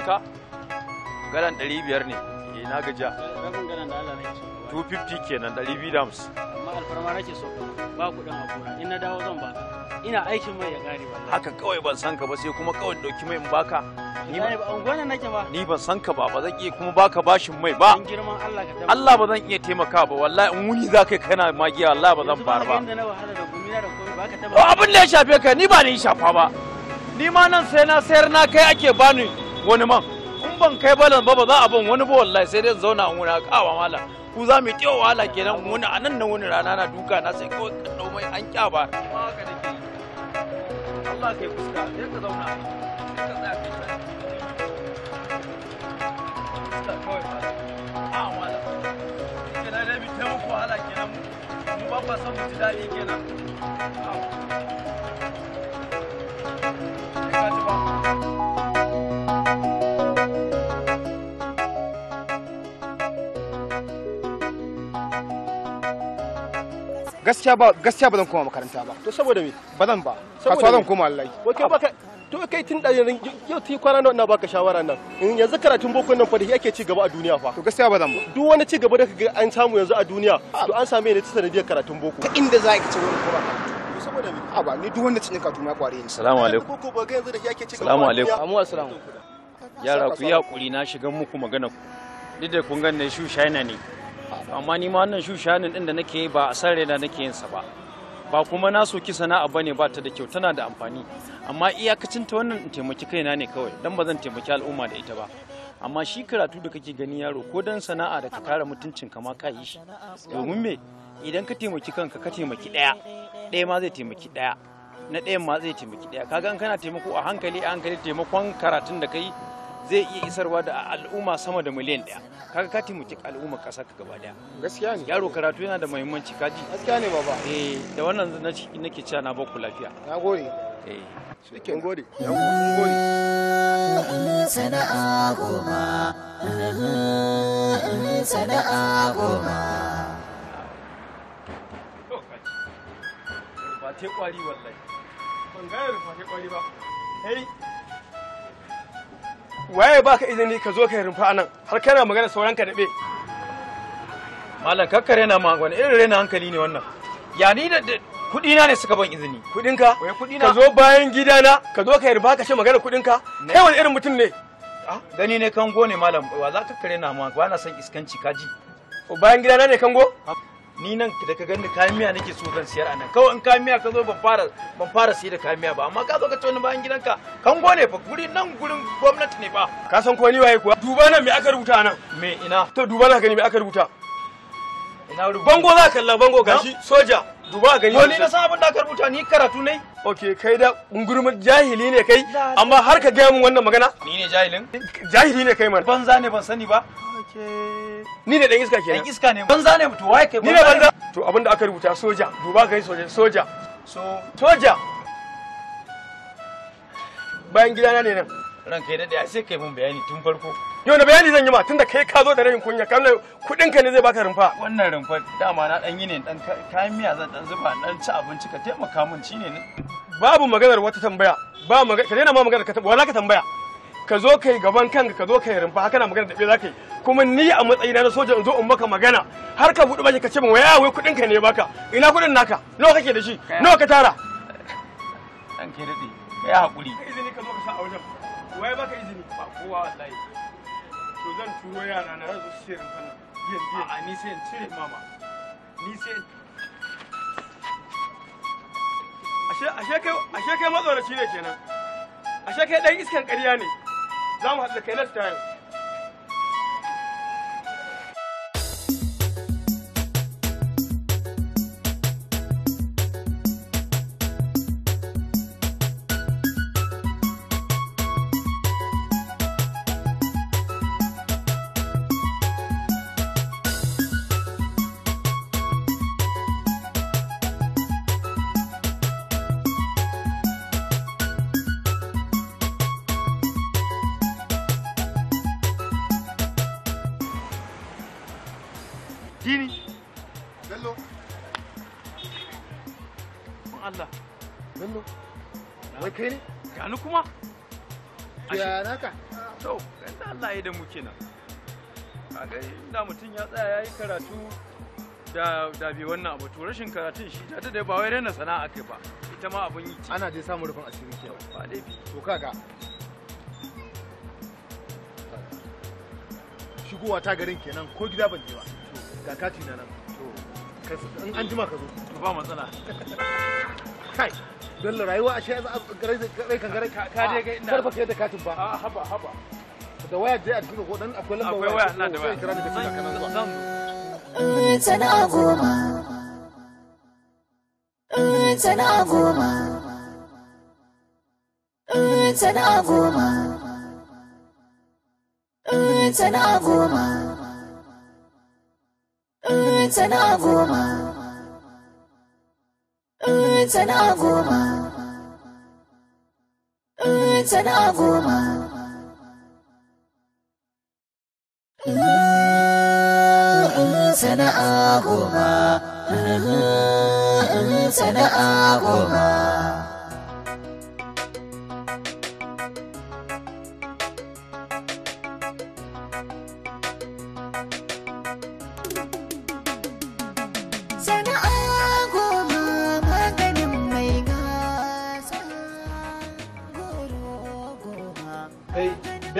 baka galan 500 ne eh na gaja rabin galan da Allah nake 250 kenan 250 amma alfarma nake so ba hakura in na dawo zan baka ina aikin mai ya gari wallahi haka kawai ban san ka ba sai kuma kawai dauki mai in ni ba ungwana nake ba ni ban san ka ba ba zan iya kuma baka bashin mai ba Allah ba zan iya taimaka ba wallahi in wuni kana magiya wallahi ba zan fara ba inda abin da ya shafe ka ni ba ni shafa ba ni ma nan sai na sayar na kai ake bani wani man kun ban kai balan ba ba za a ban wani ba wallahi sai dai zauna a wani kawa mala ku za mu tiyo wala kenan wani anan nan na wani rana na duka na sai kawai kan dau mai an kya ba Allah kai fuska sai ka zauna ka tsaya kai kawai a mala kenan da bi ta muku wahala kenan mu ba ba san mu ji dadi kenan Thank you. gaskiya ba gaskiya ba zan koma makaranta ba to saboda me ba zan ba kasuwa zan koma wallahi wato baka to kai tun da yau ti kwana nan na baka shawara nan in yanzu karatun boko nan fa da yake ci gaba a duniya fa to gaskiya ba zan ba duk wani ci gaba da kaga an samu yanzu a duniya to an same ne ta sanadiyar karatun boko inda za ka ci wani kuma saboda me a ba ni duk wanda cin karatun ya kware ni assalamu alaikum boko ba ga yanzu da yake ci gaba assalamu alaikum amu assalamu yara ku yi hakuri na shigan muku magana ku duk da kun ganne shu shaina ne amma ni ma wannan shushanin din da nake yi ba a san raina nake yin sa ba ba kuma na soki sana'a bane ba ta da kyau tana da amfani amma iyakacin ta wannan in taimaki kaina ne kawai dan ba zan taimaki al'umma da ita ba amma shi karatu da kake gani yaro ko dan sana'a da ka kara mutuncin ka ma ka yi shi domin me idan ka taimaki kanka ka taimaki daya daya ma zai taimaki daya na ɗayan ma zai taimaki ɗaya kaga in kana taimako a hankali a hankali taimakon karatun da kai zai iya isarwa da al'umma sama da miliyan ɗaya kaga ka taimaki al'umma ƙasa ka gaba ɗaya gaskiya ne yaro karatu yana da muhimmanci kaji gaskiya ne baba eh da wannan nake cewa na baku lafiya nagode eh shike gode ya gode sana'a goma sana'a goma ba te kwari wallahi ban ga rufa te kwari ba kai waye baka izini ka zo ka yi rumfa anan har kana magana sauran ka daɓe malam kakka rena ma wani irin rena hankali ne wannan ya ni da kuɗi na ne suka ban izini kuɗin ka ka zo bayan gidana ka zo ka yi rumfa ka ce magana kuɗin ka kai wani irin mutum ne ah, gani ne kango ne malam wa za ka kare na ma ba na son iskanci kaji bayan gidana ne kango ah. ni nan da ka gani kayan miya nake so zan siyar a nan kawai in kayan miya ka zo ban fara ban fara siyar da kayan miya ba amma ka zo ka ci wani bayan gidanka kango ne fa guri nan gurin gwamnati ne fa ka san ko ni waye kuwa duba nan me aka rubuta nan me ina to duba na gani me aka rubuta ina rubuta bango za ka kalla bango gashi soja duba gani ko ni na san abin da aka rubuta ni karatu ne ok kai da ungurumin jahili ne kai amma har ka gaya min wannan magana ni ne jahilin jahili ne kai man banza ne ban sani ba Ni ne dan iska kenan. Dan iska ne. Banza ne mutu wai kai. Ni ne banza. To abinda aka rubuta soja. Duba kai soja soja. So soja. Bayan gidana ne nan. Ran kai dade sai kai mun bayani tun farko. Yau na bayani zan yi ma tunda kai ka zo da rayin kunya kan kudin ka ne zai baka rumfa. Wannan rumfa dama na dan yi ne dan kayan miya zan dan zuba dan ci abinci ka taimaka mun shine ne. Babu maganar wata tambaya. Ba maganar ka daina ma maganar ka wala ka tambaya. ka zo kai gaban kanka ka zo kai rumfa haka na magana da za ka yi kuma ni a matsayina na soja in zo in maka magana har ka budu baki ka ce min waya wai kudin ka ne baka ina kudin naka nawa kake da shi nawa ka tara dan ke dade kai hakuri izini ka zo ka sa a wajen waya baka izini ba kowa wallahi to zan turo yara na razu su sai rumfa yin biyan a ni sai in cire mama ni sai ashe ashe kai ashe kai matsoraci ne kenan ashe kai dan iskan ƙarya ne لا ما هذا كيلت addini bello Allah bello wai kai ne gani kuma ya naka to ganda Allah ya da mu kenan ga inda mutum ya tsaya yayi karatu da da bi wannan abu to rashin karatun shi ta da ba wai raina sana'a kai ba ita ma abun yi ana dai samun rufin asiri kenan ba dai to kaga shigowa ta garin kenan ko gida ban je ba ga kati na nan to in an jima ka zo to ba matsala kai bello rayuwa ashe za a rai kan garai ka je ah. ga ina karfa kai da katin ba a ah, haba haba da waya je a akwai waya da waya kira ni kana goma tana goma tana goma tana goma tana goma tana goma tana goma sana'a goma sana'a goma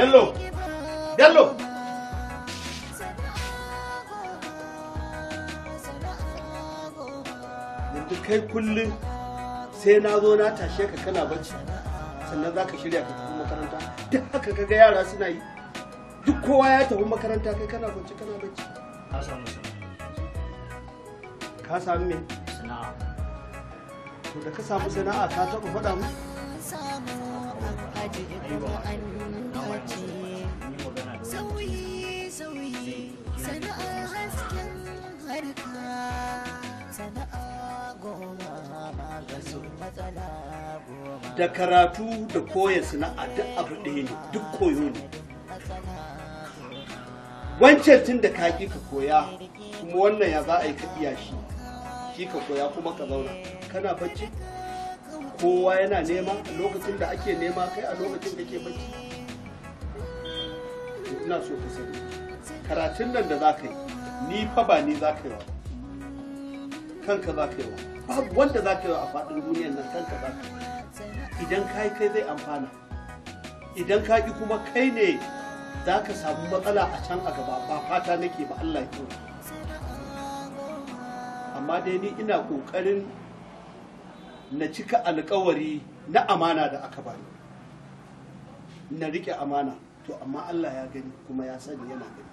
Bello! Bello! Yanzu kai kullum sai na zo na tashe ka kana bacci sannan za ka shirya ka tafi makaranta duk haka kaga yara suna yi duk kowa ya tafi makaranta kai kana bacci kana bacci ka samu ka samu me sana'a to da ka samu sana'a ka taɓa faɗa mu da karatu da koya sana'a duk abu ɗaya ne duk koyo ne wancan tun da ka ka koya kuma wannan ya za a yi ka iya shi ki ka koya kuma ka zauna kana bacci kowa yana nema A lokacin da ake nema kai a lokacin da ke bacci ina so ka sani karatun nan da za ka yi ni fa ba ni za ka yi wa kanka za ka yi wa babu wanda za ka yi wa a faɗin duniyar nan kanka za ka yi idan ka yi kai zai amfana idan ka ki kuma kai ne za ka samu matsala a can a gaba ba fata nake ba Allah ya amma dai ni ina ƙoƙarin na cika alkawari na amana da aka bani na riƙe amana to amma Allah ya gani kuma ya sani yana gani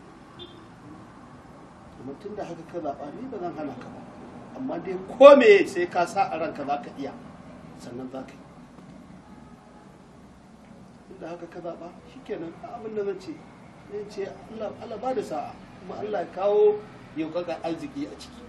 kuma tun da haka ka zaɓa ni ba zan hana ka ba amma dai ko me sai ka sa a ranka za ka iya sannan za ka yi da haka ka zaɓa shikenan abin da zan ce zan ce Allah ba da sa'a kuma Allah ya kawo yaukaka arziki a ciki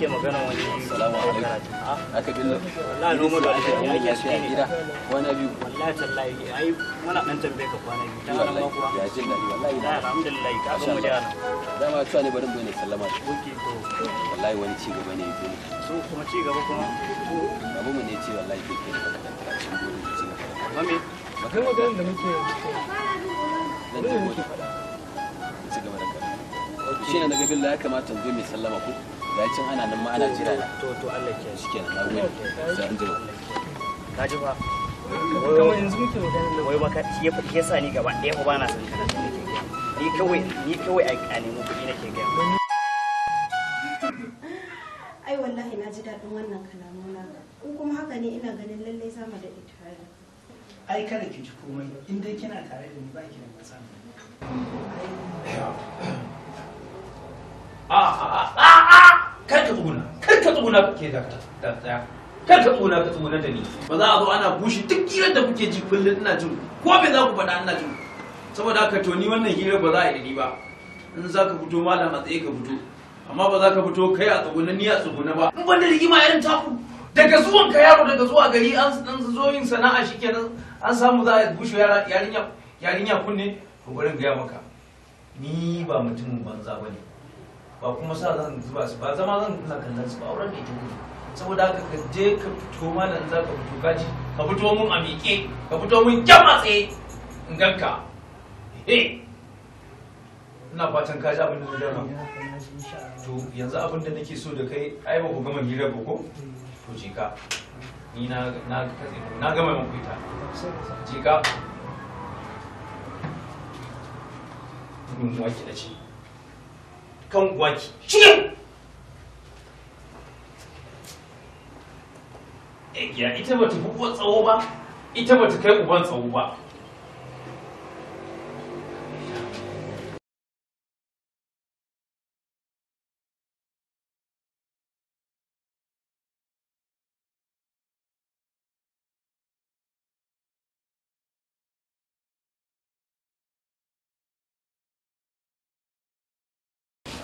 ake magana wani assalamu alaikum aka billo wallahi lomo da ake yi ake shi gida kwana biyu wallahi tallahi ai muna dan tambaye ka kwana biyu ta ran kuwa ya jin dadi wallahi alhamdulillah ka ga mu da cewa ne barin bane ne sallama oke to wallahi wani ci gaba ne yake so kuma ci gaba kuma abu mu ne ci wallahi ke ke mami bakan maganar da muke zan je mu ci gaba da kai shi ne na billa ya kamata mu je mu sallama ko gacin ana nan ma ana jira na to to Allah ya shi kenan na gode sai an jira ka ji ba kamar yanzu muke magana wai ba ka ya fa yasa ni gaba ɗaya ba na san kana ni kawai ni kawai a nemo kuɗi nake ga ai wallahi na ji daɗin wannan kalamu na in kuma haka ne ina ganin lalle sama da ita ai kada ki ji komai in dai kina tare da ni ba ki da matsala tsuguna ke da tsaya kar ka tsuguna ka tsuguna da ni ba za a zo ana bushe duk hirar da kuke ji kullum ina jin ko bai za ku faɗa ina jin saboda haka to ni wannan hirar ba za a yi ba in za ka fito malama tsaye ka fito amma ba za ka fito kai a tsuguna ni a tsuguna ba in ban da rigima irin taku daga zuwan ka yaro daga zuwa gari an zo yin sana'a shikenan an samu za a bushe yarinya yarinya kunne to gurin ga maka ni ba mutumin banza bane ba kuma sa zan zuba su ba zama zan kula kallon su ba auren da ita ne saboda haka ka je ka fito malam za ka fito kaji ka fito mun a miƙe ka fito mun kyamatse in ganka ina fatan ka ji abin da zai to yanzu abin da nake so da kai ai ba ku gama hira ba ko to je ka ni na na na gama mun kuita je ka mun waki da ce kan gwaki shige eh, ya ita bata ta uwan tsawo ba ita bata kai uban tsawo ba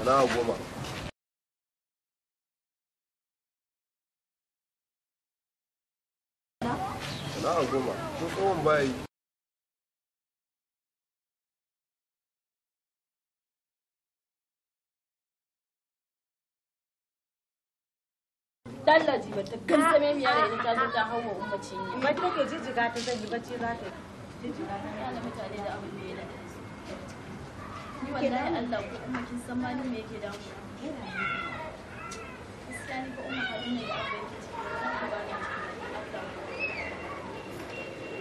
sana'a goma sana'a goma sun tsohon bayi dalla ji mata kan same miya da idan ta ta hawa ummacin ne Mai take jijjiga ta zai yi bacci za ta jijjiga ta. Yana mutane da abin da ya daɗa. wallahi Allah ko umma kin san ma me yake damu gaskiya ni ko umma ka ne da abin ki ciki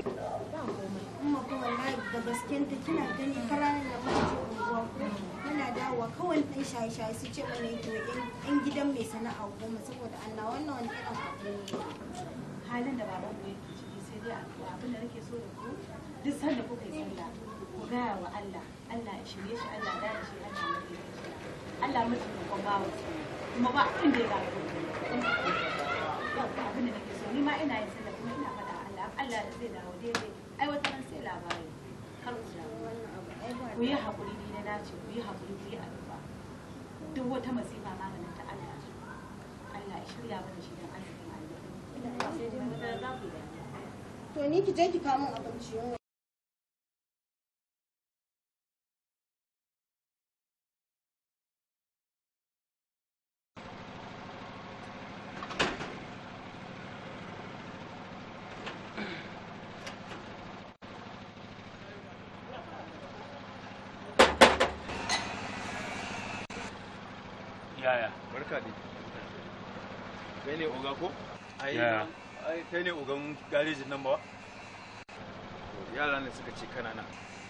ba ni umma ko wallahi da gasken ta kina gani karanin da muke unguwa ko yana dawowa kawai dan shaye shaye su ce mana yake yan gidan mai sana'a goma saboda Allah wannan wani irin abu halin da baban mu yake ciki sai dai abin da nake so da ku duk sanda kuka yi sallah ku gaya wa Allah Allah ya shirye shi Allah ya dace Allah ya shirye shi Allah ya mutu ko bawo kuma ba abin da ya abin da nake so ni ma ina yin sallah kuma ina faɗa Allah Allah zai dawo daidai ai wata sai labari kar ku ku yi ni na ce ku yi hakuri ku yi addu'a duk wata masifa ta Allah Allah ya shirya mana shi dan arzikin Allah to ni ki je ki kawo abinci yaya barka dai kai ne oga ko ai kai ne ogan garejin nan ba yara ne suka ce kana nan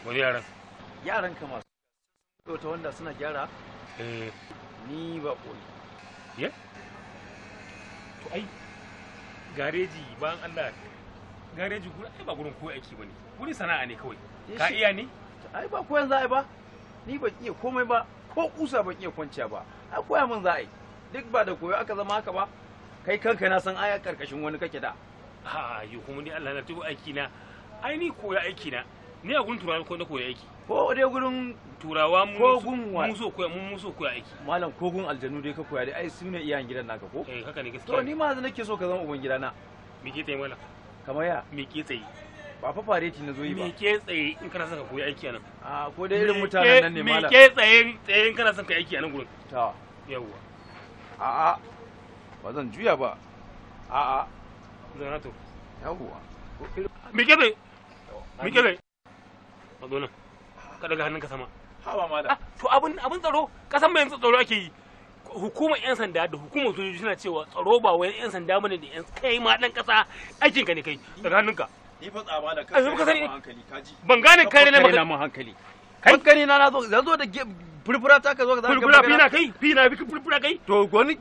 wani yaran yaran ka masu ta wanda suna gyara eh ni ba ƙoli ye to ai gareji bayan Allah gareji gurin ai ba gurin koyi aiki bane gurin sana'a ne kawai eh, ka iya ne ai ba koyan za a ba ni ba iya komai ba ko kusa ba iya kwanciya ba a koya min za a yi duk ba da koyo aka zama haka ba kai kanka na san aya karkashin wani kake da ha yi kuma ni Allah na tubu aiki na ai ni koya aiki na ni a gun turawa ko na koya aiki ko dai gurin turawa mu ko gun wa mu so koya mu mu so koya aiki malam ko gun aljanu dai ka koya dai ai sune iyayen gidan naka ko eh haka ne gaskiya to ni ma nake so ka zama uban gidana me ke tsaye malam kamar ya me ke tsaye ba fa fareti na zo yi ba me ke tsaye in kana son ka koyi aiki anan nan a ko dai irin mutanen nan ne mala me ke tsaye tsaye in kana son ka aiki anan gurin ta yawwa a a ba zan juya ba a a zana to yawwa me ke tsaye me ke tsaye a zo nan ka daga hannunka sama haba mala ah, to abin abin tsaro kasan mai tsaro ake yi hukumar 'yan sanda da hukumar sojoji suna cewa tsaro ba wai 'yan sanda bane da 'yan kai ma dan kasa aikin ka ne kai daga hannunka ni fa tsaba da kai ka hankali kaji ban gane kare hankali kai kare na na zo da zo da furfura ta ka zo ka za ka furfura fina kai fina bi ka furfura kai to goni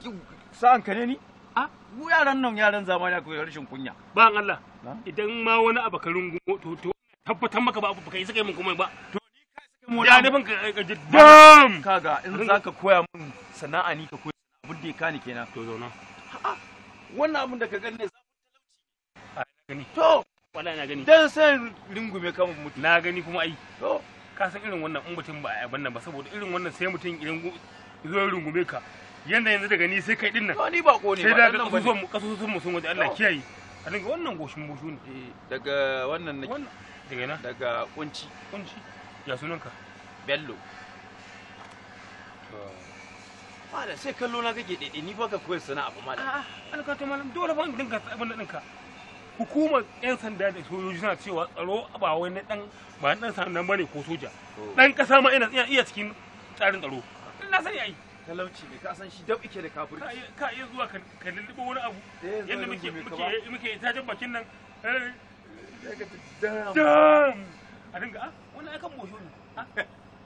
sa'an ka ni a mu yaran nan yaran zamani akwai rashin kunya ba Allah idan ma wani abu ka rungumo to to tabbatar maka ba abu ka yi saka ba to ni mu ya nufin ka dam kaga in zaka koya min sana'a ni ka koya abin da ka ni kenan to zauna wannan abin da ka gani ne zafin talauci to wala na gani dan san rungume kan mutum na gani kuma ai to ka san irin wannan in mutum ba a yaban nan ba saboda irin wannan sai mutum irin zo ya ka yanda yanzu daga ni sai kai din nan ni ba ko ne sai daga kasusun kasusun mu sun waje Allah kiyaye a dinga wannan goshin bushu ne eh, daga wannan nake daga na daga kunci kunci ya sunanka bello malam sai kallo na kake daidai ni ba ka koyar sana'a ba malam alkatu malam dole ba in dinga abin da ɗinka hukumar 'yan sanda da sojoji suna cewa tsaro ba wai na dan ba dan sanda bane ko soja dan kasa ma ina iya cikin tsarin tsaro dan na sani ai talauci ne ka san shi dab ike da kafirci ka iya zuwa ka lulluɓa wani abu eh, yadda muke muke muke ta jan bakin nan eh. dam a dinga a ah, wannan akan bosho ne ah,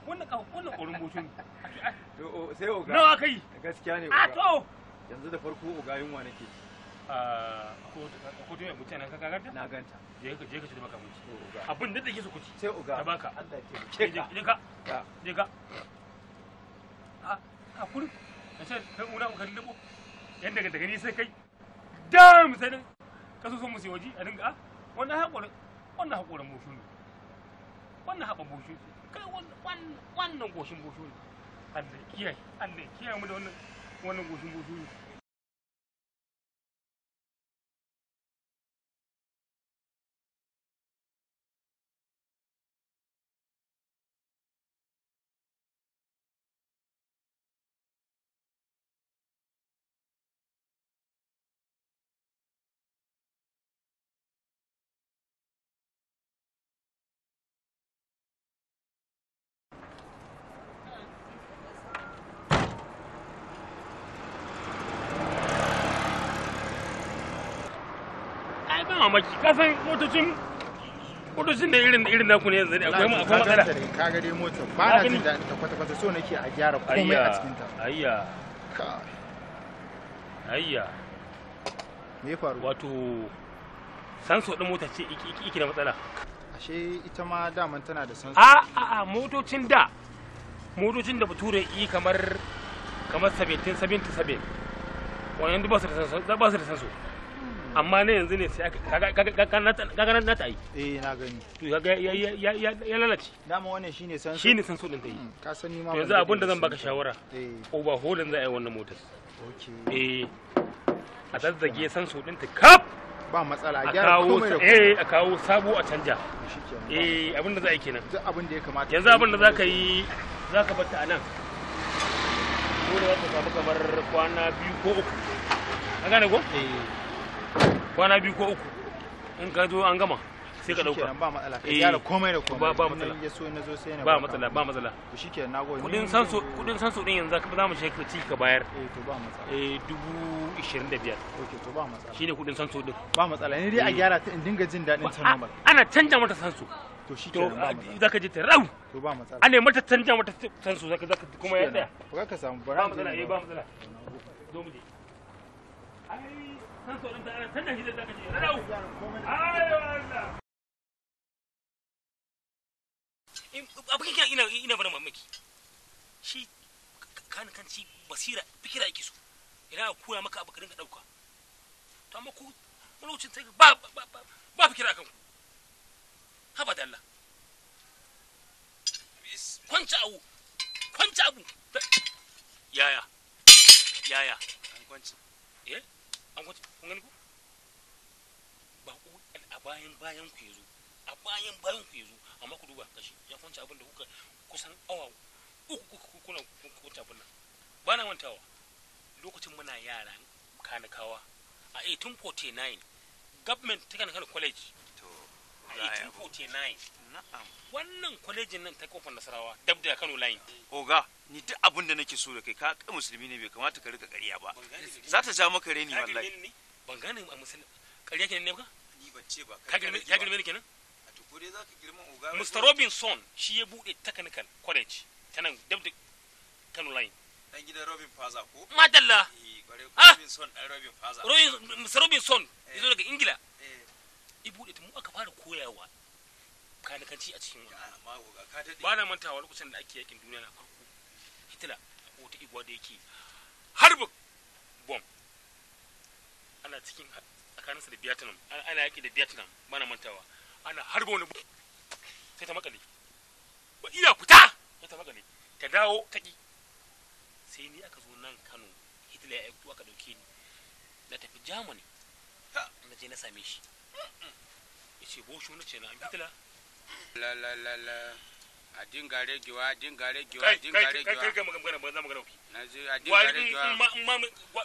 wannan wannan korin bosho ne ah. sai oga nawa kai gaskiya ne a to yanzu da farko oga yunwa nake ci hoto mai abinci nan ka kagarta? Na ganta. Je ka je ka ci maka abinci. Abin da take su kuci. Sai uga. Ta baka. Allah ke. Je ka. Je ka. A a kuri. Na ce kai muna ka lubo. Yan daga daga ni sai kai. Dam sai nan. Ka so so mu waji a dinga a. Ah, wannan hakurin wannan hakurin bushu ne. Wannan haɓa bushu. Kai wannan wannan goshin bushu ne. Allah kiyaye. Allah kiyaye mu da wannan wannan goshin bushu ne. mamaki kasan motocin motocin da irin irin naku ne yanzu ne akwai mu akwai matsala ka ga dai motar ba na jin da ta kwata kwata so nake a gyara komai a cikin ta ayya ayya me faru wato san so din mota ce iki da matsala ashe ita ma daman tana da san so a a motocin da motocin da bature yi kamar kamar 17 77 wannan duk ba su da san so amma ne yanzu ne sai aka ga na ta yi eh na gani to ya ga ya lalace dama wannan shine san su shine san su din ta yi hmm, ka san ni ma yanzu abin da zan baka shawara eh overhauling za a yi wannan motar okay eh a zazzage san su din ta kap ba matsala a gyara komai da komai eh, a kawo sabo a canja eh abin da za a yi kenan duk abin da ya kamata yanzu abin da za ka yi za ka bata a nan dole za ka samu kamar kwana biyu ko uku an gane ko eh kwana biyu ko uku in ka zo an gama sai ka dauka ba matsala ka eh, gyara komai da komai ba matsala ya so na zo sai na ba matsala ba matsala to kudin sanso kudin sanso din yanzu ka zamu shekaru ci ka bayar eh to ba matsala eh dubu 25 okay to ba matsala shine kudin sanso din ba matsala ni dai a eh. gyara ta in dinga jin dadin ta normal ana canja mata sanso to shi ke za ka je ta rau to ba matsala ana mata canja mata sanso zaka zaka kuma ya tsaya ka samu ba matsala eh ba matsala zo mu je ai san tsoron sannan da Allah ina ina bana mamaki shi kan kan ci basira fikira yake so idan a koya maka abu ka dinga dauka to amma ku lokacin sai ba ba ba fikira kan ku haba da Allah kwanci abu kwanci abu yaya yaya an kwanci eh an kwace kun gani ko bako a bayan bayan ku yazo a bayan bayan ku yazo amma ku duba kashi ya kwanci abin da kuka kusan awa uku kuna abin nan ba na mantawa lokacin muna yara kanikawa a 1849 eh, government ta college 1849 wannan kwalejin nan ta kofar nasarawa dab da kano line. oga ni duk abin da nake so da kai ka musulmi ne bai kamata ka rika ƙarya ba za ta ja maka reni wallahi ban gane a musulmi ƙarya kenan ne ba ni ban ba ka girme kenan a to ko za ka girma oga Mr Robinson shi ya bude technical college ta nan dab da kano line. dan gidan Robin Faza ko madalla eh, ah! Robinson Robin Faza Robinson yazo daga Ingila eh. ibuɗe ta mu aka fara koyawa kanikanci a cikin wani ba na mantawa lokacin da ake yakin duniya na farko hitila a wata igwa da yake harba bom ana cikin tsakaninsa da vietnam ana yaki da vietnam ba na mantawa ana harba wani sai ta makale ba iya fita sai ta makale ta dawo ta ki sai ni aka zo nan kano hitila ya aiko aka dauke ni na tafi germany na je na same shi ce an a dinga regewa a kai kai kai magana magana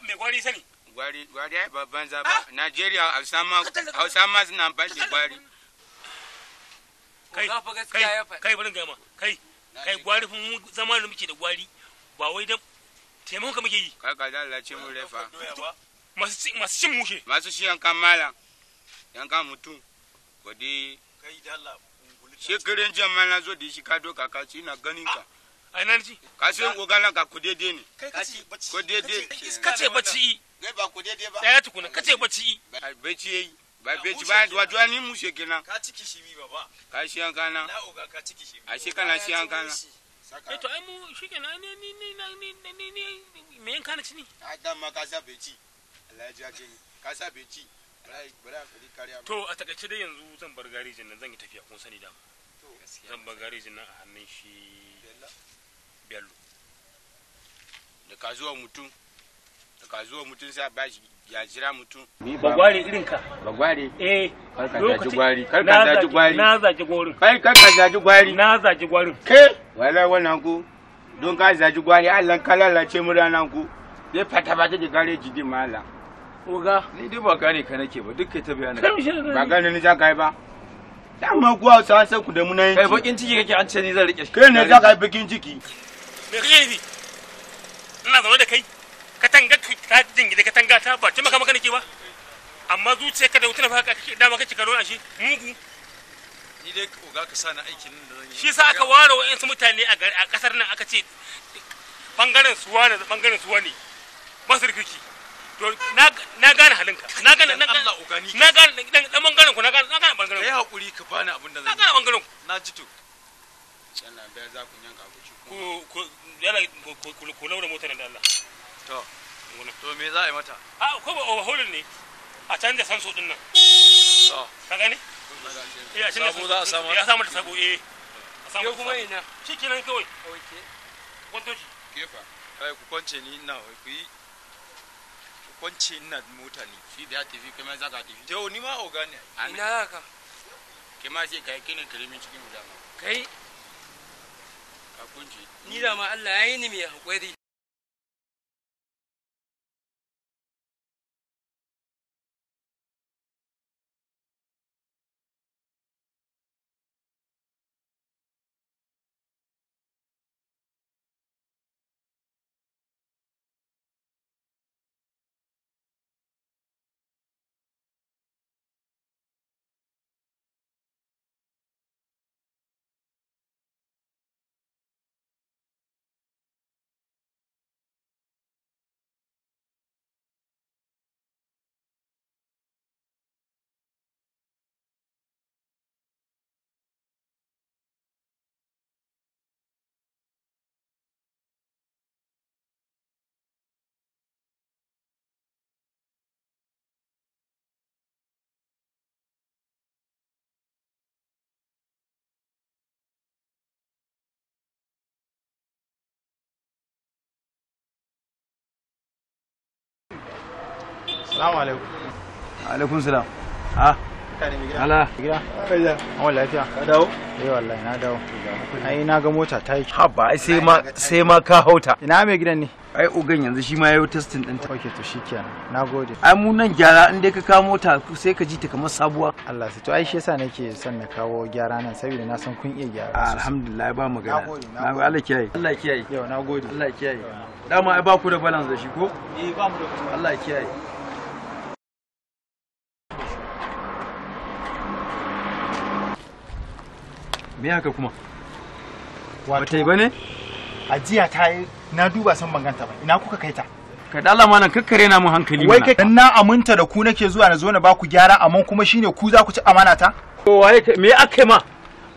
me gwari sani gwari gwari ai babban ah! suna gwari kai kai kai gwari fa mu gwari ba wai taimako muke yi kai ka mu refa masu masu kamala yan ka mutum gwadi kai dalla shekaran jama'a na zo da shi ka doka ka ci na ganin ka a ah, nan ji ka sai ogana ka ku dede ne ko dede ka ce bacci kai ba ku dede ba ya tukuna ka ce bacci bacci yayi ba bacci ba da wato ni mu she kenan ka ciki shi bi baba ka shi an kana na o ka ciki shi a shi kana shi an kana eh to ai mu shi kenan ni ni ni ni ni ni me yan kana ci ni a ah, dan ma ka sa bacci Allah ya ji ka sa bacci to a takaice dai yanzu zan bar garejin nan zan yi tafiya kun sani dama zan bar garejin nan a hannun shi bello da ka zuwa mutum da ka zuwa mutum sai ba shi ya jira mutum bagware irin ka bagware eh karka zaji gwari karka zaji gwari na zaji gwarin kai karka zaji gwari na zaji gwarin ke wala wannan ku don ka zaji gwari Allah ka lalace mu ranan ku zai fata ba ta da gareji din mallam Oga. Ni dai ba gane ka nake ba duk kai ta bayani. Ba gane ni za ka yi ba. Dama kuwa sa sai ku da mu nan. Kai bakin ciki kake an ce ni zan rike shi. Kai ne za ka yi bakin ciki. Me kake yi? Ina zaune da kai. Katanga ta ka tanga ta ba ce maka maka nake ba. Amma zuciya ka da wutar ka kake dama kake karo a shi mugu. Ni dai oga ka sa na aikin nan da zan yi. Shi sa aka ware wa'ansu mutane a kasar nan aka ce bangaren suwa ne bangaren suwa ne. Masu rikici. na gane halinka na gane na Allah ugani na gane dan bangaren ku na gane na gane bangaren ku kai hakuri ka bani abin da na gane bangaren ku na ji to sannan bai za ku yanka ku ci ku ku yana ku ku laura motar da Allah to to me za a yi mata a ko ba overhaul ne a canza sanso din nan to ka gane eh a canza sabo za a samu ya samu ta sabo eh a samu kuma ina shi kenan kawai okay kefa kai ku kwance ni ina ku yi kwanci ina mota ne shi da ya tafi kuma za ka tafi to ni ma oga ne ina zaka ka ma sai kai kinin kirimin cikin guda ma kai ka kunji ni da ma Allah ya yi ni mai hakuri Salamu alaikum. Alaikum salam. Ah. Ala. Gida. Kaja. An lafiya. Ka dawo? Eh wallahi na dawo. Ai na ga mota ta yi. Haba ai sai ma sai ma ka hauta. Ina mai gidan ne? Ai ugan yanzu shi ma yayo testing din ta. Okay to shikenan. Nagode. Ai mu nan gyara in dai ka kawo mota sai ka ji ta kamar sabuwa. Allah sai to ai shi yasa nake son na kawo gyara nan saboda na san kun iya gyara. Ah, alhamdulillah ba magana. Nagode. Nagode Allah kiyaye. Allah kiyaye. Yau nagode. Allah kiyaye. Dama ai ba ku da balance da shi ko? Eh ba mu da balance. Allah kiyaye. me haka kuma wato ba ne ajiya ta yi na duba san banganta ba ina kuka kai ta ka dala mana kakkare na mu hankali wai kai na aminta da ku nake zuwa na zo na ba ku gyara amma kuma shine ku za ku ci amana ta to waye me aka ma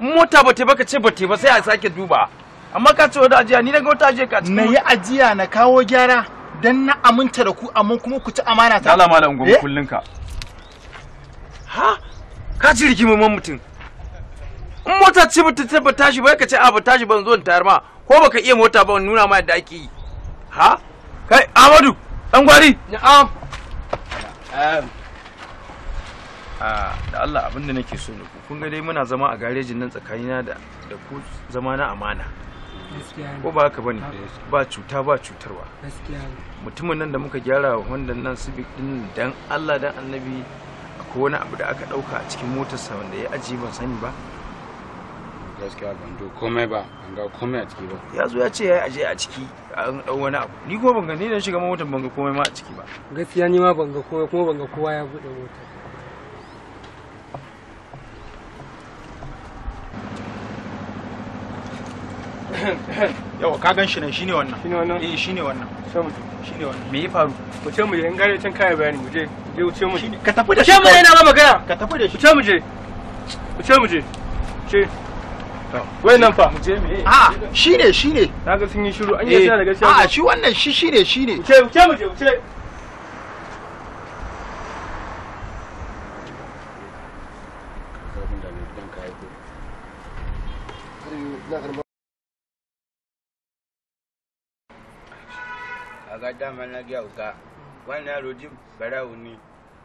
mota ba baka ce ba ba sai a sake duba amma ka ce wata ajiya ni na ga wata ajiya ka na yi ajiya na kawo gyara dan na aminta da ku amma kuma ku ci amana ta dala malam eh? gobe kullun ka ha ka ji rigimin mutum in mota ce ba ta ba tashi ba ka ce a ba tashi ban zo in tayar ma ko baka iya mota ba nuna ma yadda ake yi ha kai Amadu dan gwari na'am a ah, da Allah abin da nake so ku kun ga dai muna zama a garejin nan tsakanina da da ku zama na amana ko ba haka bane ba cuta ba cutarwa mutumin nan da muka gyara wanda nan civic din dan Allah dan annabi akwai wani abu da aka dauka a cikin motarsa wanda ya ajiye ban sani ba gaskiya ban do komai ba ban ga komai a ciki ba ya zo ya ce ya aje a ciki an wani abu ni kuma ban ga ni da shiga motar ban ga komai ma a ciki ba gaskiya ni ma ban ga komai kuma ban ga kowa ya bude mota yawa ka gan shi ne shine wannan shine wannan eh shine wannan shine wannan me ya faru mu ce mu je in gare can kai bayani mu je je mu ce mu ka tafi da shi mu ne na magana ka tafi da shi ce mu je ce mu je ce wai nan fa a ne na ga sun yi shiru an yi eh, da gaskiya ah, a shi wannan shi shi ne ce ce mu je ce ga dama na uka wannan yaro jim barawo ne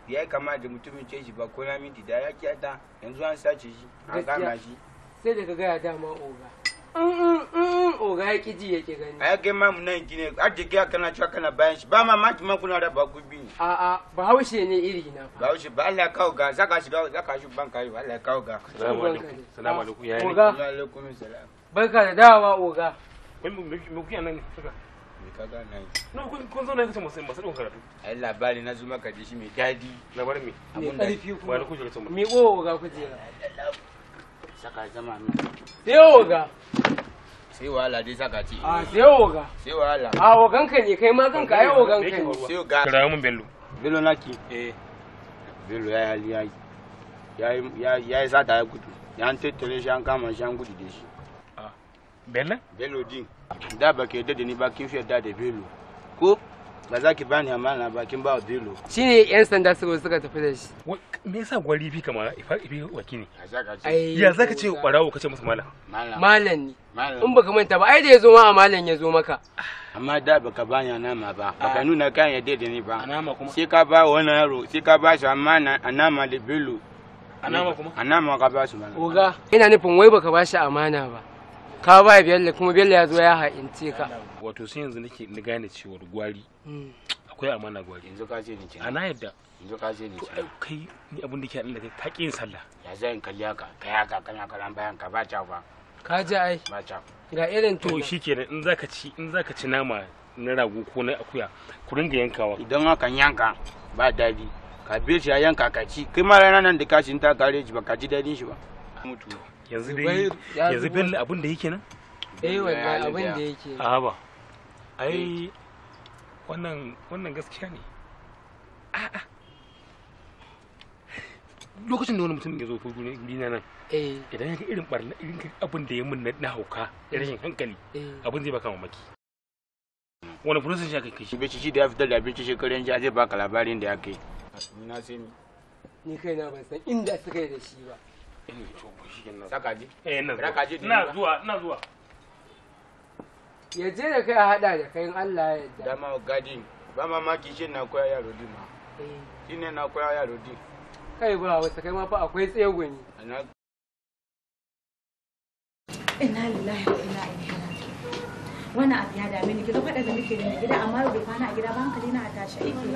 ya kama da mutumin ce shi ba ko na minti da ya kiyata yanzu an sace shi an kama shi sai daga gaya dama oga mm, mm, mm. oga ya ki ji ya ƙi gani a yake mamu nan gine arziki kana cewa kana bayan shi ba ma maki man kuna ba gubi ne a'a bahaushe ne iri na fa shi ba Allah ya kawo ga zaka shiga zaka shi banka yi Allah ya kawo ga salamu alaikum salamu alaikum ya oga alaikum da oga kun mu mu nan me ka ga nan no kun kun zo nan musu ba karatu ai labari na ji shi ba ku oga ku jira saka zama nan sai oga sai wahala dai saka ce a sai oga sai wahala a ogan ka ne kai ma kanka ka ne sai oga kira mun bello bello naki eh bello ya ya ya ya sata ya gudu ya an tattare shi an kama shi an gudu da shi ah. bello bello din da ba ke da ni ba kin fiye da bello ko ba za ki bani amana bakin ba dilo shine yan sanda suka suka tafi da shi me yasa gwari bi kamar ifi waki ne ya zaka ce barawo kace masa malam malam ne in baka manta ba ai da yazo ma a malam yazo maka amma da baka bani nama ba baka ah. nuna kan ya da ni ba sai ka ba wannan yaro sai ka ba shi amana anama libilo anama kuma anama ka ba shi malam oga ina nufin wai baka ba shi amana ba ka ba bello kuma bello ya zo ya ha'inci ka wato sun yanzu nake na gane cewar gwari hmm. akwai amana gwari yanzu ka ce ni ana yadda yanzu ka ce ni kenan to kai ni abin da ke Allah kai ka ki yin sallah ya zai in kalli haka kai haka kana kalan bayan ka ba ta ba ka ji ai ba ta ga irin to shikenan in zaka ci in zaka ci nama na rago ko na akuya ku ringa yankawa idan haka yanka ba dadi ka bi shi a yanka ka ci kai ma ranar nan da kashin ta kare ji ba ka ji dadin shi ba mutu yanzu dai yanzu bello abin da yake nan eh wallahi abin da yake a ba ai eh. wannan wannan gaskiya ne lokacin da wani mutum ya zo ko duniya nan eh. idan ya ga irin barna irin abin da ya mun na hauka rashin hankali eh. abin zai baka mamaki wani furusun shi aka kai shi bace shi da ya fitar da abinci shekaran jiya zai baka labarin da ya kai ni na sai ni ni kai na ban san inda suka yi da shi ba Eh, ina zuwa zuwa ya je da kai a hada da kai Allah ya yarda dama gadi ba mamaki shi na koya yaro di ma eh. shi ne na koya yaro di kai ba wata kai ma fa akwai tsegumi ina lillahi wani abu ya dame ni gida faɗa da muke da gida amma da kwana a gida ba hankali na a tashi aiki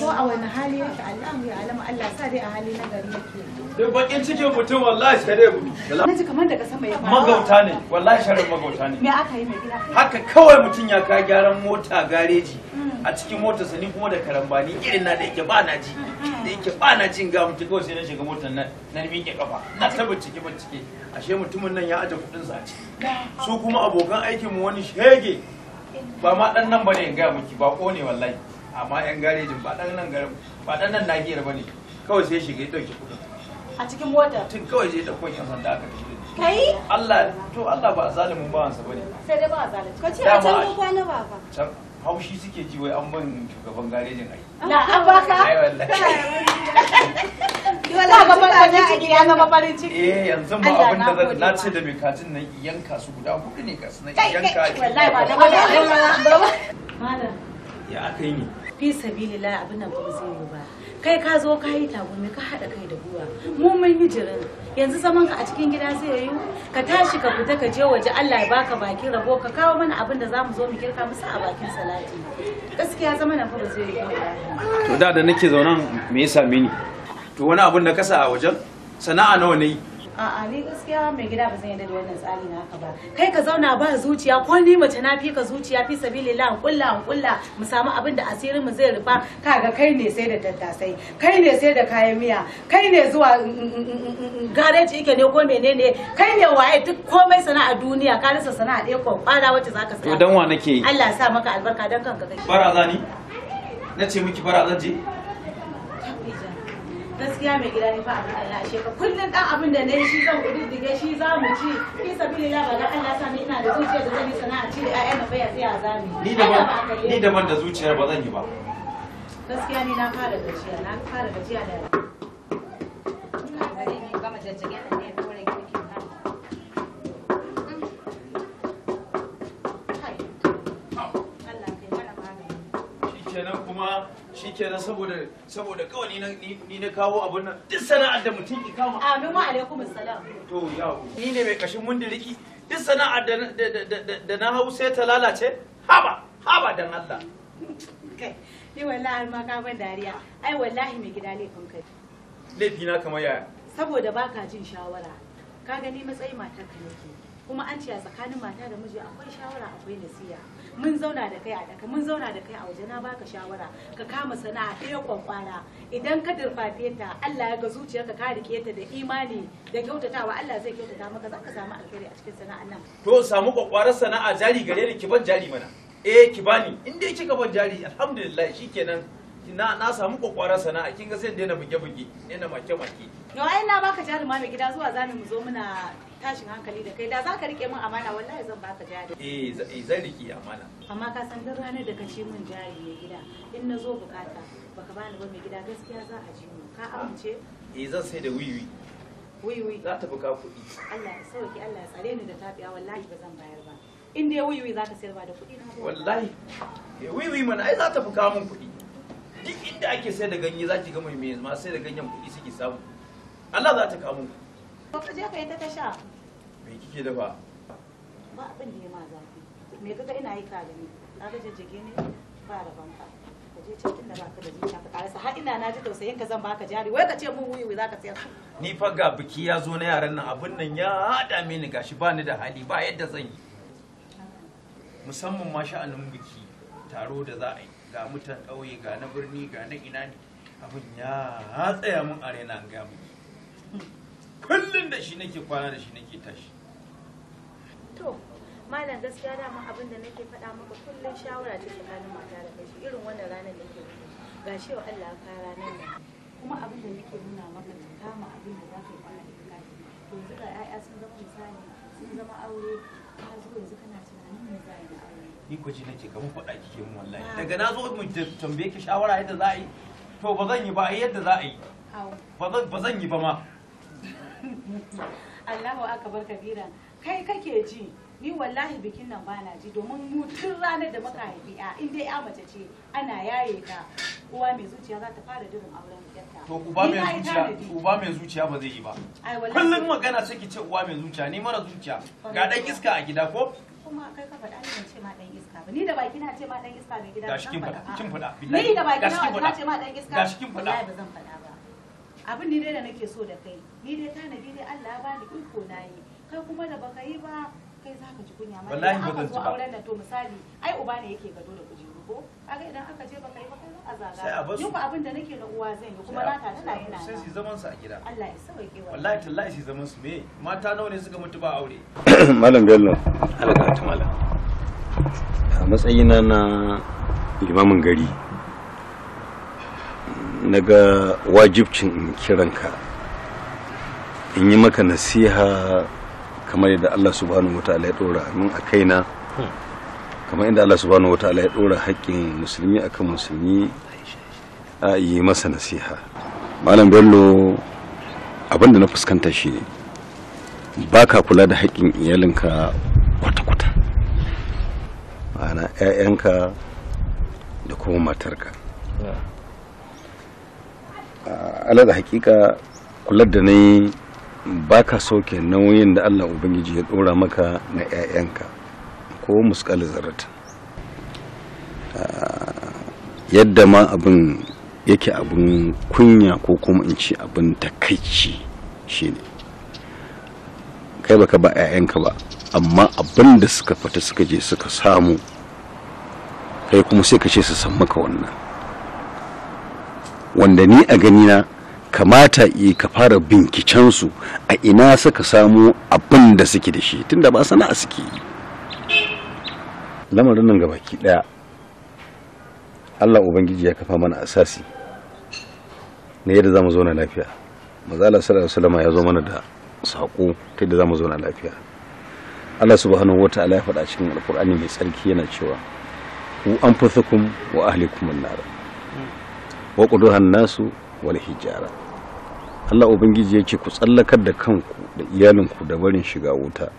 ko a wani hali yake Allahu ya alama Allah sa dai a hali na gari yake duk bakin cikin mutum wallahi share gudu naji kamar daga sama ya fara magauta ne wallahi share magauta ne me aka yi mai gida haka kawai mutum ya ka gyaran mota gareji a cikin motarsa ni kuma da karambani irin na da yake ba na ji da yake ba na jin ga mutum kawai sai na shiga motar nan na miƙe kafa na ta bincike bincike ashe mutumin nan ya aje kuɗin sa a su kuma abokan aikin mu wani shege ba ma dan nan bane in ga miki ba ko ne wallahi amma yan garejin ba dan nan garin ba dan nan nagiyar bane kawai sai shiga ya dauke kuɗin a cikin mota tun kawai sai da kwan san da aka shiga kai Allah to Allah ba zalimin bawansa bane sai dai ba zalimin ka ce a can kwana baba haushi suke ji wai an ban shugaban garejin ai na an baka ai wallahi ciki ya ciki eh yanzu ma abin da zan na ce da mai katin nan yanka su guda hudu ne kasu na yanka wallahi ba da wallahi ba ya akai ni fi sabilillah abin nan ba zai yi ba kai ka zo ka yi tagumi ka haɗa kai da ruwa, mu mun yi jirin yanzu zaman ka a cikin gida zai yi ka tashi ka fita ka je waje Allah ya baka bakin rabo ka kawo mana abin da zamu zo mu kirka musu a bakin salati gaskiya zaman nan fa ba zai yi to da da nake zaunan me yasa mini to wani abin da sa a wajen sana'a nawa ne A'a ni gaskiya mai gida ba zan yi da wannan tsari na naka ba. Kai ka zauna ba zuciya ko ni mace na fi ka zuciya fi sabilillah an kulla an kulla mu samu abin da asirin mu zai rufa kaga kai ne sai da tattasai kai ne sai da kayan miya kai ne zuwa mm, mm, mm, gareji yake ne ko menene kai ne waye duk komai sana'a duniya ka rasa sana'a ɗaya ko kwara wacce zaka sa. To dan wa nake yi? Allah ya sa maka albarka dan kanka kai. Bara zani? Na ce miki bara zan gaskiya mai gida ne fa abin Allah ashe ka kullun dan abin da nayi shi zan kududdige shi za mu ci fi sabilillah ba ga Allah sani ina da zuciya da zan yi sana'a ci da ƴaƴan na baya tsaya a zami ni da ban ni da ban da zuciyar ba zan yi ba gaskiya ni na fara gajiya na fara gajiya da ina gari ne ba mu jajjage shi kenan saboda saboda kawai ni ni na kawo abun nan duk sana'ar da mutum ki kama amin wa alaikum assalam to yawo ni ne mai kashin mundiriki duk sana'ar da da na hau sai ta lalace haba haba dan Allah kai ni wallahi ma ka ban dariya ai wallahi mai gida laifin kai laifi na kamar yaya saboda baka jin shawara ka gani matsayin matar ka nake kuma an ce a tsakanin mata da miji akwai shawara akwai nasiha mun zauna da kai a daka mun zauna da kai a waje na baka shawara ka kama sana'a ɗaya kwakwara idan ka dirfafe ta Allah ya ga zuciyarka ka rike ta da imani da kyautatawa Allah zai kyautata maka zaka samu alheri a cikin sana'an nan to samu kwakwara sana'a jari gare ni ki ban jari mana eh ki bani in dai kika ban jari alhamdulillah shikenan na na samu kwakwara sana'a kin ga sai daina buge buge na make make yau ai na baka jari ma mai gida zuwa zamu zo muna tashin hankali da kai da za ka rike min amana wallahi zan baka jari eh, eh zan rike amana amma ka san duk ranar da ka ci min jari mai gida in na zo bukata baka bani ba mai gida gaskiya za a ji mu ka amince eh zan sai da wiwi wiwi za ta buka kuɗi Allah ya sauki Allah ya tsare ni da tafiya wallahi ba zan bayar ba in dai wiwi za ta sayar ba da kuɗi na wallahi eh, wiwi mana ai za ta fuka min kuɗi duk inda ake sai da ganye za ki ga mai mai ma sai da ganyen kuɗi suke samu Allah za ta kawo mu. Ko ka je ka yi ta sha. me kike da ba ba abin da ya ma zafi me kaga ina yi kare ne ni ga jajjage ne ba rabon ka ka je cikin da baka da zuciya ka karasa har ina na ji tausayin ka zan baka jari wai ka ce mun wuyu za ka tsaya ni fa ga biki ya zo na yaran nan abin nan ya hada mini gashi ba ni da hali ba yadda zan yi musamman ma sha'anin biki taro da za a yi ga mutan ƙauye ga na birni ga na ina ne abin ya tsaya mun arena an gaya mun kullum da shi nake kwana da shi nake tashi to malam gaskiya dama abin da nake faɗa maka kullum shawara ce tsakanin mata da kai irin wannan ranar da ke ga shi wa Allah ka ranar nan kuma abin da nake nuna maka ta kama abin da za ka yi kwana da kai yanzu ga 'ya'ya sun zama misali sun zama aure ka zo yanzu kana tunanin me za a yi aure ni ko ji nake kamar faɗa kike mu wallahi ah. daga na zo mu tambaye ki shawara yadda za a yi to ba zan yi ba a yadda za a yi ba zan yi ba ma Allahu akbar kabira kai kake ji ni wallahi bikin nan ba na ji domin mu ranar da muka haifi a inda ya mace ce ana yaye ta uwa mai zuciya za ta fara dirin auren yarta to uba mai zuciya uba mai zuciya ba zai yi ba kullum magana suke ce uba mai zuciya ni mara zuciya ga dan iska a gida ko kuma kai ka faɗa ni ban ce ma dan iska ba ni da baki na ce ma dan iska ga gida gashi kin faɗa kin faɗa ni da baki na ce ma dan iska gashi kin faɗa wallahi ba zan faɗa ba abin ni dai da nake so da kai ni dai tanadi dai Allah ya bani iko na kai kuma da baka yi ba kai za ka ji kunya ma idan aka zo auren nan to misali ai uba ne yake gado da kujeru ko kaga idan aka je baka yi ba kai a zaga ni ba abin da nake na uwa zan yi kuma nata tana yana sai su zaman su a gida Allah ya sauke wa wallahi tallahi su zaman su me mata nawa ne suka mutu ba aure malam bello alaka ta malam a matsayina na limamin gari na ga wajibcin kiranka in yi maka nasiha kamar yadda Allah subhanahu wataala ya dora min a kaina kamar yadda Allah subhanahu wataala ya dora haƙƙin musulmi akan musulmi a yi masa nasiha malam bello abin da na fuskanta shi ba ka kula da haƙƙin iyalinka kwata-kwata ma'ana 'ya'yanka da kuma matarka ala da hakika kula da na yi baka soke nauyin da allah ubangiji ya ɗora maka na 'ya'yanka ko muskali zarata ah, yadda ma abin yake abin kunya ko kuma in ce abin takaici shine kai baka ba 'ya'yanka ba amma abin da suka fita suka je suka samu kai kuma sai ka ce su san maka wannan wanda ni a gani na. kamata yi ka fara binkicensu a ina suka samu abin da suke da shi tunda ba sana'a suke yi lamarin nan gabaki daya Allah ubangiji ya kafa mana asasi na yadda zamu zauna lafiya mazala sallallahu alaihi ya zo mana da saƙo ta yadda zamu zauna lafiya Allah subhanahu wataala ya faɗa cikin alkur'ani mai tsarki yana cewa ku anfusakum wa ahlikum an-nar wa quduhan nasu wal hijara Allah ubangiji yake ku tsallakar da kanku da iyalinku da barin shiga wuta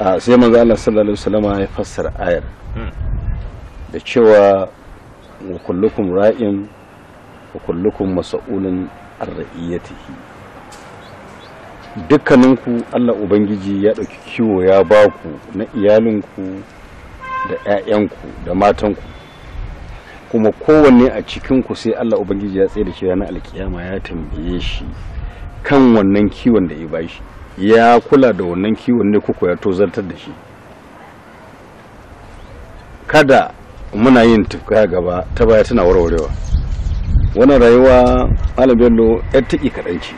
a sai manzo Allah sallallahu alaihi ya fassara ayar da cewa wa kullukum ra'in wa kullukum mas'ulun ar ra'iyatihi dukkaninku Allah ubangiji ya dauki kiwo ya baku na iyalinku da 'ya'yanku da matanku kuma kowanne a cikin ku sai Allah ubangiji ya tsere shi ranar alkiyama ya tambaye shi kan wannan kiwon da ya bashi ya kula da wannan kiwon ne kuka ya tozartar da shi kada muna yin tufka gaba ta baya tana warwarewa wannan rayuwa malam bello yar taƙi kaɗanci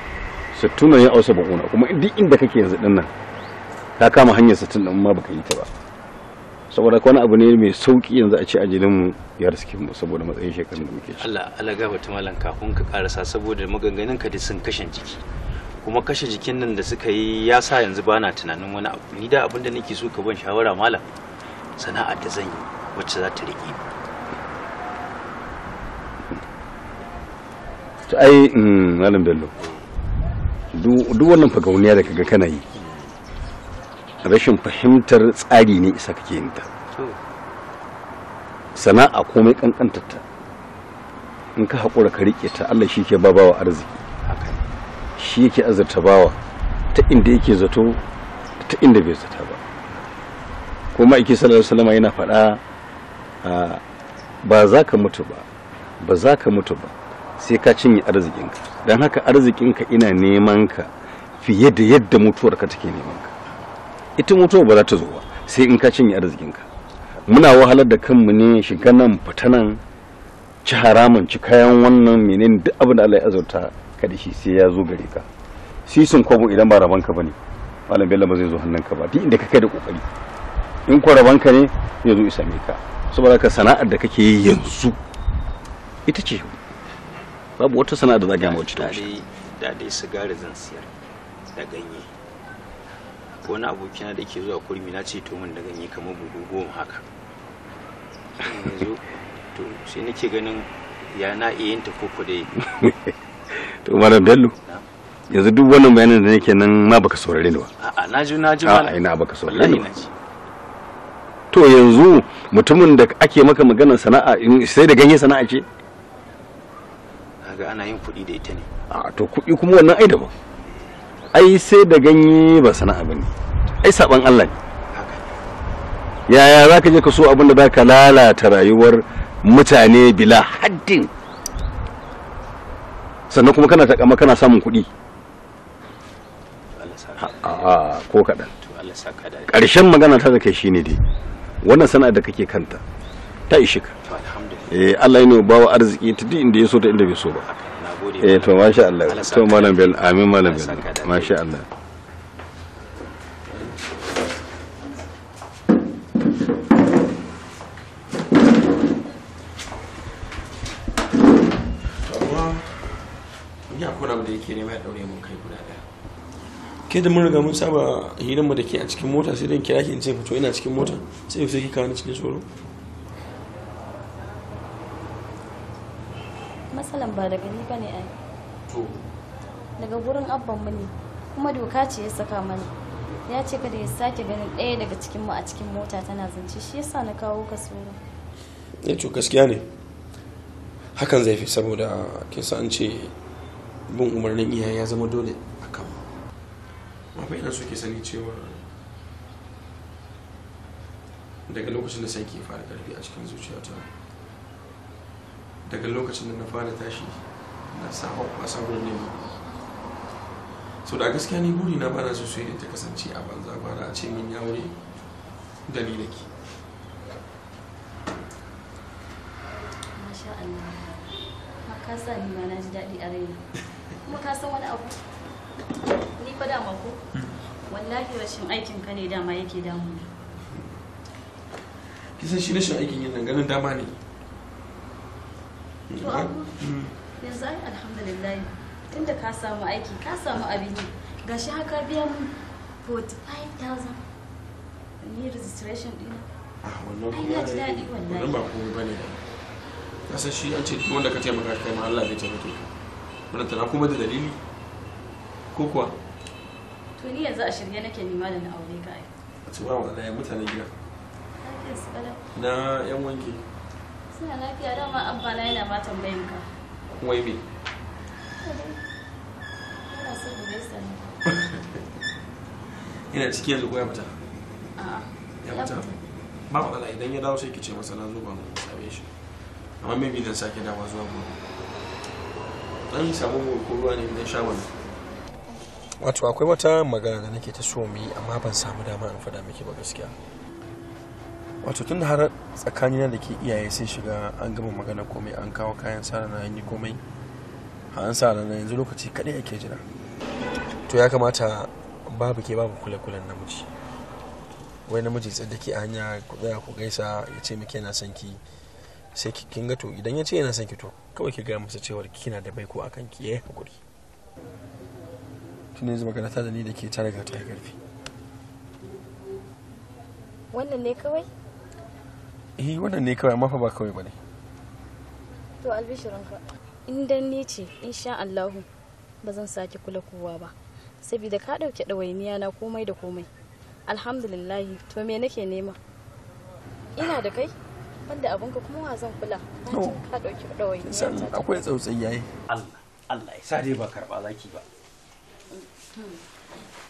ce ya ausa bakuna kuma duk inda kake yanzu ɗin ta kama hanyar sattun ɗin ma baka yi ta ba saboda wani abu ne mai sauki yanzu a ce ajalin mu ya riske mu saboda matsayin shekarun da muke Allah Allah gafarta malam kafin ka karasa saboda maganganun ka da sun kashe jiki kuma kashe jikin nan da suka yi ya sa yanzu bana tunanin wani abu ni da abin da nake so ka ban shawara malam sana'a da zan yi wacce za ta rike to ai mm, malam bello duk wannan fagauniya da kaga kana yi rashin fahimtar tsari ne isa kake yin ta sana'a komai kankanta ta in ka haƙura ka riƙe ta Allah shi ke babawa arziki shi yake azurta bawa ta inda yake zato ta inda bai zata ba kuma ake sallallahu salama yana faɗa ba za ka mutu ba ba za ka mutu ba sai ka cinye arzikinka don haka arzikinka ina neman ka fiye da yadda mutuwarka take neman ka ita mutuwa ba za ta zo ba sai in ka cinye ka muna wahalar da kanmu ne shiga nan fita nan ci haramun ci kayan wannan menene duk abin da Allah ya azurta ka da shi sai ya zo gare ka sun kwabo idan ba rabanka bane malam bello ba zai zo hannun ka ba duk inda ka kai da kokari in ko ka ne ya zo isa ka saboda ka sana'ar da kake yi yanzu ita ce babu wata sana'ar da za ka yi wacce ta shi da dai sigari zan siyar da ganye ko wani abokina da ke zuwa kurmi na ce to min da ganye kamar buhu goma haka yanzu to sai nake ganin ya na iya yin ta da to malam bello yanzu duk wannan bayanin da nake nan ma baka saurare ni ba a'a na ji na ji a'a ina baka saurare ni to yanzu mutumin da ake maka maganar sana'a sai da ganye sana'a ce kaga ana yin kuɗi da ita ne a to kuɗi kuma wannan ai ba ai sai da ganye ba sana'a bane ai saban Allah ne yaya za ka je ka so abin da za ka lalata rayuwar mutane bila haddin sannan kuma kana taƙama kana samun kuɗi ko kaɗan ƙarshen magana ta da kai ne dai wannan sana'a da kake kanta ta ishi ka eh, Allah ya ne bawa arziki ta duk inda ya so ta inda bai so ba gode eh to masha Allah to malam bello amin malam bello masha Allah ke da mun riga mun saba hidanmu da ke a cikin mota sai dan kira ki in ce fito ina cikin mota sai ki kawo ni cikin tsoro matsalan ba daga ni bane ai to daga gurin abban mu ne kuma doka ce ya saka mana ya ce kada ya sake ganin ɗaya daga cikin mu a cikin mota tana zance shi yasa na kawo ka tsoro ya eh to gaskiya ne hakan zai fi saboda kin san ce bin umarnin iyaye ya zama dole a kan mafi ina so ke sani cewa daga lokacin da sai ke fara karfi a cikin zuciyata daga lokacin da na fara tashi na samu a sabon nema so da gaskiya ni buri na bana so soyayya ta kasance a banza bana a ce min ya wuri da ni nake masha ka sa ni ma na ji daɗi a raina kuma ka san wani abu ni fa dama ko wallahi rashin aikin ka ne dama yake damu kisan shi rashin aikin yin nan, ganin dama ne to mm. abu yanzu ai alhamdulillah tunda ka samu aiki ka samu abin abinci shi haka biya mu 45,000 ni registration din ah wannan kuma ai daɗi ba komai bane kasan shi an ce duk wanda ka taimaka kai ma Allah zai taimake ka wannan tana kuma da dalili ko kuwa to ni yanzu a shirye nake nima da na aure ka ai a cikin wannan mutane gida na yan wanke suna lafiya dama abba na yana ma ka wai me yana ciki yanzu ko ya fita ya fita ba matsala idan ya dawo sai ki ce masa na zo ba mu same shi amma maybe dan sake dawa zuwa gobe dan samu ko ruwa ne dan sha wani wato akwai wata magana da nake ta so mu yi amma ban samu dama in faɗa miki ba gaskiya wato tun da har tsakanina da ke iyaye sun shiga an gama magana komai an kawo kayan sa na yin yi komai an sa na yanzu lokaci kaɗai ake jira to ya kamata babu ke babu kule-kulen namiji wai namiji tsaye da ke a hanya ku tsaya ku gaisa ya ce miki yana son ki sai kin ga to idan ya ce yana son ki to kawai ki gaya masa cewa kina da baiko akan ki yayi hakuri tun yanzu magana ta da ni da ke ta riga ta karfi wannan ne kawai eh wannan ne kawai mafa ba kawai bane to albishirinka in dan ni ce insha Allah ba zan sake kula kowa ba saboda ka dauke ɗawainiya na komai da komai Alhamdulillah to me nake nema ina da kai wanda ka kuma wa zan kula ka dauki ɗawainiya akwai tsautsayi yayi Allah Allah ya sare ba karba zaki ba hmm. Hmm.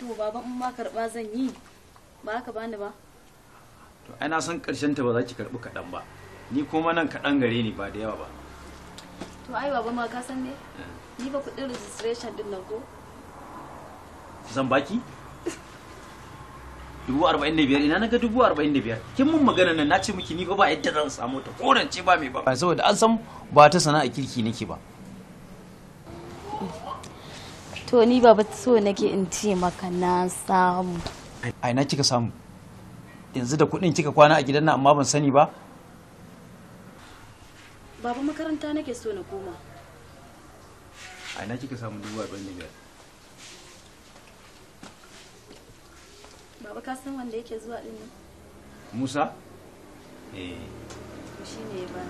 to baba in ma karba zan yi ba ka bani ba to ai na san karshen ta ba za ki karbi kaɗan ba ni kuma nan kaɗan gare ni ba da yawa ba to ai baba ma ka san ne eh. ni ba kuɗin registration din nan ko zan baki dubu arba'in da biyar ina na ga dubu arba'in da biyar kin mun magana nan na ce miki ni ba ba yadda zan samu ta korance ba mai ba saboda an san ba ta sana'a kirki nake ba to ni ba so nake in ce maka na samu ai na kika samu yanzu da kuɗin kika kwana a gidan nan amma ban sani ba Baba makaranta nake so na koma. A ina kika samu dubu arba'in da biyar? Baba ka san wanda yake zuwa din nan? Musa? Eh. Shi ne ya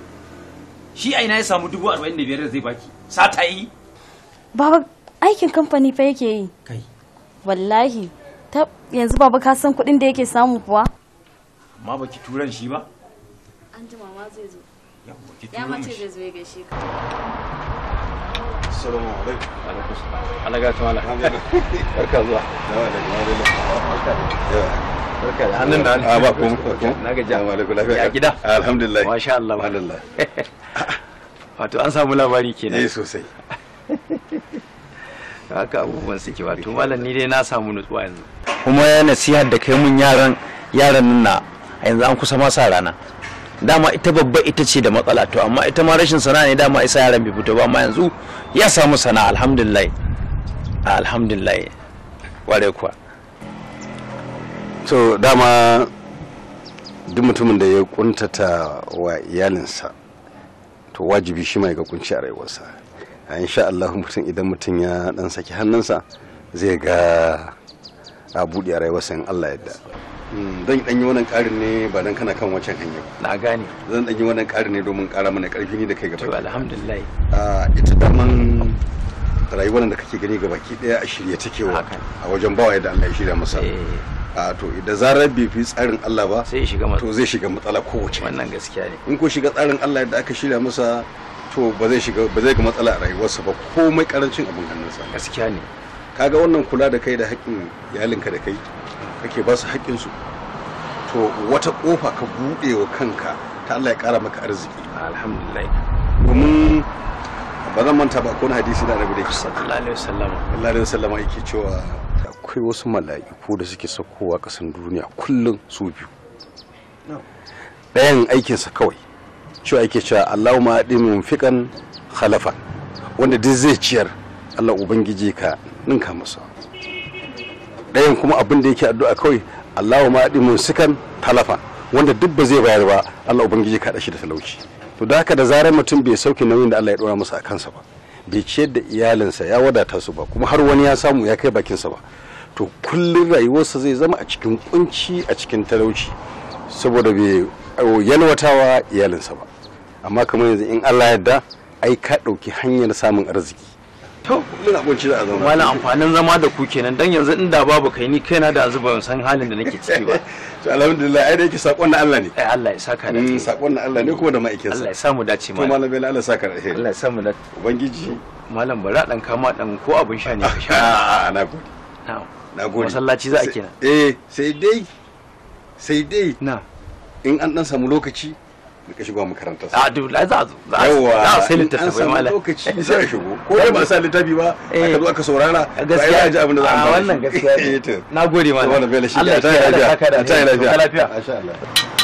Shi a ina ya samu dubu arba'in da biyar da zai baki? Sata yi? Baba aikin kamfani fa yake yi. Kai. Wallahi. Ta yanzu baba ka san kuɗin da yake samu kuwa? amma baki turan shi ba an ji mama zai zo yawwa ki tura zai zo ya ka assalamu alaikum alaikum alaga ta mala barka zuwa barka da hannun da a ah, ba na ga jama'a alaikum lafiya ya gida alhamdulillah masha Allah alhamdulillah wato an samu labari kenan eh sosai haka abubuwan suke malam ni dai na samu nutsuwa yanzu kuma nasihar da kai mun yaran yaran nan na a yanzu an kusa ma sa rana dama ita babba ita ce da matsala to amma ita ma rashin sana'a ne dama isa yaran bai fito ba amma yanzu ya samu sana'a alhamdulillah alhamdulillah ware kuwa to dama duk mutumin da ya kuntata wa iyalinsa to wajibi shi mai ga kunci a rayuwarsa a insha Allah mutum idan mutum ya dan saki hannunsa zai ga a buɗe a rayuwarsa in Allah yadda Mm, zan danyi wannan karin ne ba dan kana kan wancan hanya ba na gane zan danyi wannan karin ne domin kara mana karfi ne da kai gaba to alhamdulillah a ah, ita daman rayuwar da kake gani gaba ki daya a shirye take wa a wajen bawa yadda Allah ya shirya masa eh. a ah, to idan zarar bai fi tsarin Allah ba sai shiga matsala to zai shiga matsala kowace wannan gaskiya ne in ko shiga tsarin Allah yadda aka shirya masa to ba zai shiga ba zai ga matsala a rayuwarsa ba komai karancin abin hannunsa gaskiya ne kaga wannan kula da kai da haƙƙin iyalinka da kai kake ba su haƙƙin su to wata ƙofa ka buɗe wa kanka ta Allah ya ƙara maka arziki alhamdulillah domin ba zan manta ba kowane hadisi da annabi da yake sallallahu alaihi wasallam Allah alaihi sallama yake cewa akwai wasu mala'iku da suke sakowa kasan duniya kullum su biyu ɗayan aikinsa kawai cewa ake cewa Allahumma adimin fiqan khalafan wanda duk zai ciyar Allah ubangiji ka ninka musu ɗayan kuma abin da yake addu'a kawai allahu ma ɗi sikan talafa wanda duk ba zai bayar ba allah ubangiji kaɗa shi da talauci to da haka da zarar mutum bai sauke nauyin da allah ya ɗora masa a kansa ba bai ciyar da iyalinsa ya wadata su ba kuma har wani ya samu ya kai bakinsa ba to kullum rayuwarsa zai zama a cikin kunci a cikin talauci saboda bai yalwatawa iyalinsa ba amma kamar yanzu in allah yadda ai ka ɗauki hanyar samun arziki to ina abinci da zauna wala amfanin zama da ku kenan dan yanzu inda babu kai ni kaina da zuba ban san halin da nake ciki ba to alhamdulillah ai da yake sakon na Allah ne eh Allah ya saka da mm, sakon na Allah ne kuma da ma'aikinsa Allah ya samu dace ma to malam bai Allah saka da alheri Allah ya samu da ubangiji malam bara dan kama dan ko abun sha ne ka sha a'a na gode na'am na gode masallaci za a kenan eh sai dai sai dai na in an dan samu lokaci rika shigo makarantar ah, a duk za zo za a sai littattafai mala lokaci sai a shigo ko ba sa littafi ba eh. aka zo aka saurara gaskiya a ji abin da za a ah, wannan gaskiya eh, Allah ya ta lafiya ta lafiya masha Allah